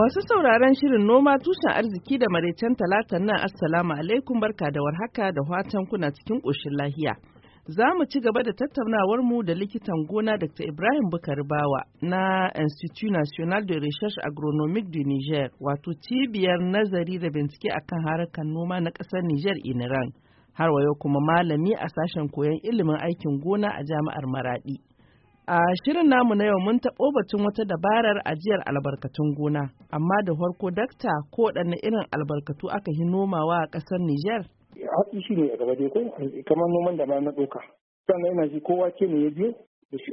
Masu sauraron shirin noma tushen arziki da maraicen talatan nan assalamu alaikum barka da warhaka da watan kuna cikin ƙoshin lahiya. Za mu ci gaba da tattaunawar mu da likitan gona Dr. Ibrahim Bukari Bawa na Institut National de Recherche Agronomique du Niger wato cibiyar nazari da bincike a kan harkar noma na ƙasar Niger Iniran. Har wayo kuma malami a sashen koyon ilimin aikin gona a jami'ar Maraɗi. A shirin namu na yau mun taɓo batun wata dabarar ajiyar albarkatun gona, amma da farko dakta ko ɗanne irin albarkatu aka yi nomawa a ƙasar Nijar. Haɗi shi ne a gaba dai ko kamar noman da ma na ɗauka. Sannan yana ji kowa ke ne ya biyo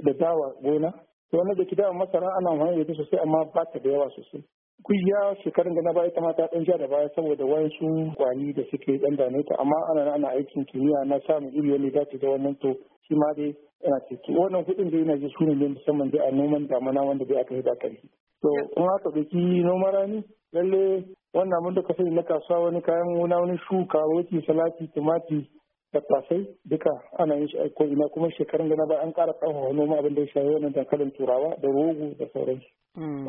da dawa gona. wani da ki dawa masara ana amfani da sosai amma ba ta da yawa sosai. kuyya shekarun da na baya ta mata ɗan ja da baya saboda wayansu kwani da suke ɗan dame ta amma ana ana aikin kimiyya na samun iri wani dace da wannan to shi ma dai yana ciki wannan kuɗin da yana ji su ne musamman dai a noman damana wanda bai aka yi da ƙarfi to in aka ɗauki noma rani lalle wannan mun da ka sani na kasuwa wani kayan gona wani shuka wani salati tumati tattasai duka ana yin shi aiko ina kuma shekarun gana ba an ƙara ƙarfafa noma abin da ya shafi wannan dankalin turawa da rogo da sauransu. Hmm.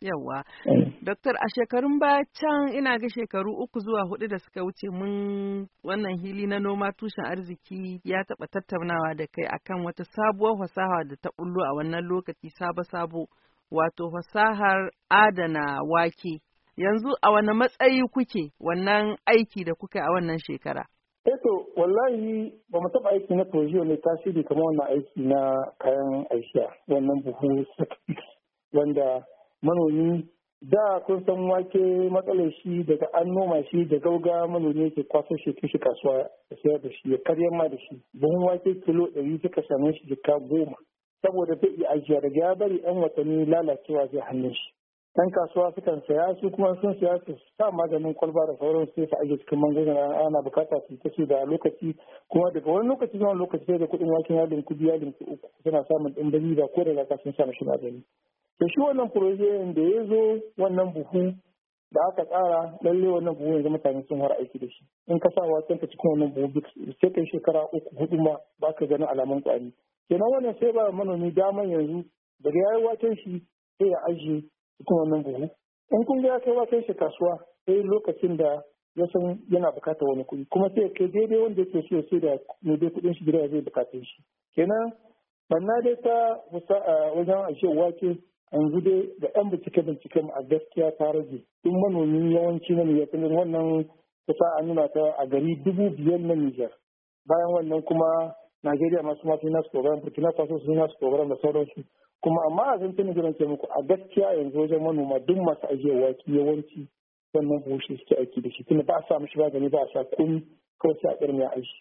Yawwa. Eh. Doktor a shekarun baya can ina ga shekaru uku zuwa hudu da suka wuce mun wannan hili na noma tushen arziki ya taɓa tattaunawa da kai akan wata sabuwar fasaha da ta bullo a wannan lokaci sabo-sabo wato fasahar adana wake. Yanzu a wani matsayi kuke wannan aiki da kuka a wannan shekara? eto eh wallahi ba mu taɓa aiki na projiyo ne tasiri kamar wannan aiki na kayan aisha wannan buhu wanda manomi da kun san wake matsalar shi daga an noma shi da gauga manomi yake kwaso shi shi kasuwa da sayar da shi ya karyar ma da shi buhun wake kilo ɗari suka same shi jika goma saboda zai iya ajiya da ya bari yan watanni lalacewa zai hannun shi yan kasuwa sukan saya su kuma sun saya su sa maganin kwalba da sauran sai su ajiye cikin magunguna ana bukata su ta da lokaci kuma daga wani lokaci zuwa lokaci sai da kuɗin wakin yalin biya yalin uku suna samun ɗin da ko da ka sun sa mashi magani to shi wannan proje da ya zo wannan buhu da aka tsara lalle wannan buhu yanzu mutane sun fara aiki da shi in ka sa wakin ka cikin wannan buhu sai kai shekara uku hudu ma ba ka ganin alamun kwari kenan wannan sai ba manomi daman yanzu daga yayi waken shi sai ya ajiye cikin wannan buhu in kun ga kai ba kai shi kasuwa sai lokacin da ya san yana bukata wani kuɗi kuma sai kai daidai wanda yake so sai da ne dai kuɗin shi gida zai bukata shi kenan banna dai ta wasa a wajen ashe wake yanzu dai da ɗan bincike bincike a gaskiya ta rage in manomi yawanci na ya fi wannan kusa an nuna ta a gari dubu biyar na Nijar bayan wannan kuma Najeriya masu masu nasu program Burkina Faso su nasu program da sauransu kuma amma a zan tana jiran muku a gaskiya yanzu wajen manoma duk masu ajiyar waki yawanci wannan bushe suke aiki da shi tunda ba a sa mishi magani ba a sa komi ko sai a ƙarni a aiki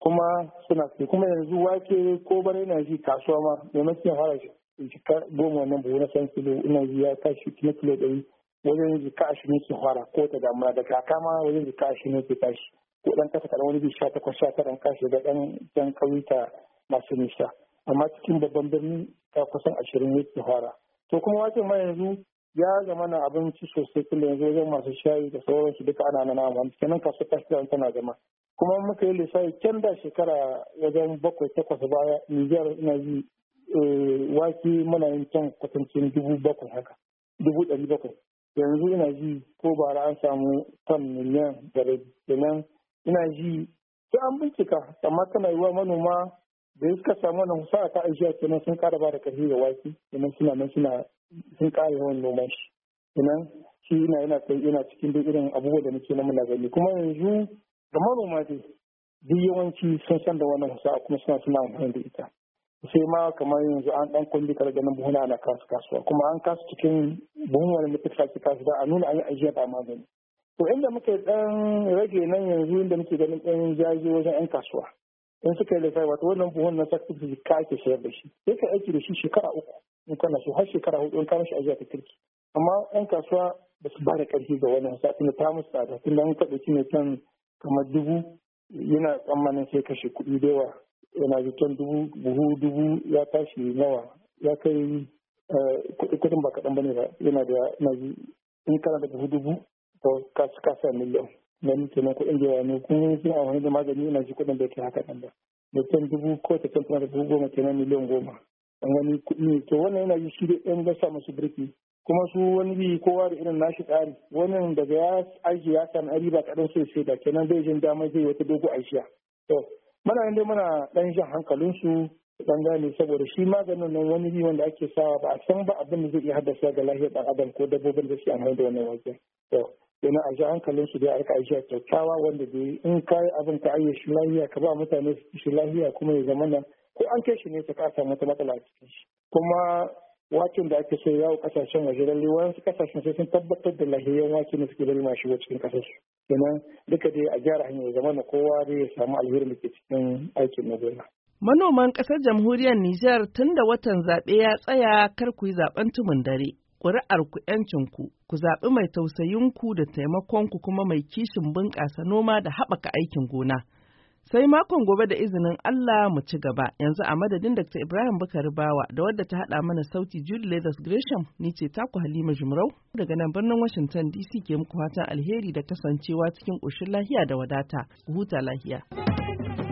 kuma suna sai kuma yanzu wake ko bana yana ji kasuwa ma maimakon ya fara jika goma wannan buhu na san kilo ina ji ya tashi kuma kilo ɗari wajen jika ashirin ke fara ko ta damuwa da kaka ma wajen jika ashirin ke tashi ko ɗan kasa kaɗan wani bi sha takwas sha tara kashi da ɗan ɗan ƙauyuka masu nisa. amma cikin babban birni ta kusan ashirin yake fara to kuma waken ma yanzu ya zama na abinci sosai kuma yanzu wajen masu shayi da sauransu duka ana na nama kenan kasu kashi tana zama kuma muka yi lissafi can da shekara wajen bakwai takwas baya nijar ina ji eh, wake muna yin can kwatancin dubu bakwai haka dubu ɗari bakwai yanzu ina ji ko bara an samu ton miliyan da nan ina ji sai an bincika amma tana yiwa manoma da suka samu wannan musa ta aisha kenan sun kara ba da karfi ga wake kenan suna nan suna sun kara yawan noman shi kenan shi yana yana yana cikin duk irin abubuwa da nake na muna gani kuma yanzu da manoma dai duk yawanci sun san da wannan musa kuma suna suna amfani da ita sai ma kamar yanzu an dan kulli kar ganin buhuna ana kasu kasuwa kuma an kasu cikin buhuna wani mutum kasu kasu da a nuna an yi ajiya da magani to inda muke dan rage nan yanzu inda muke ganin dan jaje wajen yan kasuwa in suka yi lissafi wato wannan buhun na sakin su ka ake sayar da shi sai ka aiki da shi shekara uku in kana so har shekara hudu in ka mishi ajiya ta kirki amma yan kasuwa ba su ba da karfi ga wannan sa tunda ta musu tsada tunda an kaɗa shi mai kan kamar dubu yana tsammanin sai kashe kuɗi da yawa yana zaton dubu buhu dubu ya tashi nawa ya kai eh, kuɗin ba kaɗan ba ne ba yana da in kana da buhu dubu to ka ci kasa miliyan don taimako kuɗin da ne kun suna amfani da magani ina ji kuɗin da ke haka nan ba da dubu ko ta tana da dubu goma nan miliyan goma an wani kuɗi ne to wannan yana yi shi da ɗan gasa masu birki kuma su wani bi kowa da irin nashi tsari wannan daga ya aji ya san ari ba kaɗan so sai da kenan zai jin damar zai wata dogo aishiya to muna yin dai muna ɗan jan hankalinsu dan gane saboda shi maganin nan wani bi wanda ake sawa ba a san ba abin da zai iya haddasa ga lahiyar ɗan adam ko dabbobin da suke amfani da wannan wajen to yana a ji hankalin su da aka a kyakkyawa wanda bai in ka abin ka ayyar shi lahiya ka ba mutane shi lahiya kuma ya zama nan ko an kai shi ne ka samu wata matsala a cikin shi kuma waken da ake so yawo kasashen waje lalle wasu kasashen sai sun tabbatar da lahiyar wake ne suke lalle shigo cikin kasar su kenan duka dai a gyara hanyar zama na kowa dai ya samu alherin da ke cikin aikin na gona. Manoman ƙasar jamhuriyar Nijar tun da watan zaɓe ya tsaya kar ku yi zaɓen tumun dare. ƙuri'arku ku ku zaɓi mai tausayinku da taimakonku kuma mai kishin bunƙasa noma da haɓaka aikin gona. Sai makon gobe da izinin Allah mu ci gaba, yanzu a madadin Dr. Ibrahim Bukari Bawa da wadda ta haɗa mana sauti Jude Leathers Gresham, ni ce taku Halima Jumrau daga nan birnin Washington DC ke muku fatan alheri da kasancewa cikin ƙoshin lahiya da wadata, ku huta lahiya.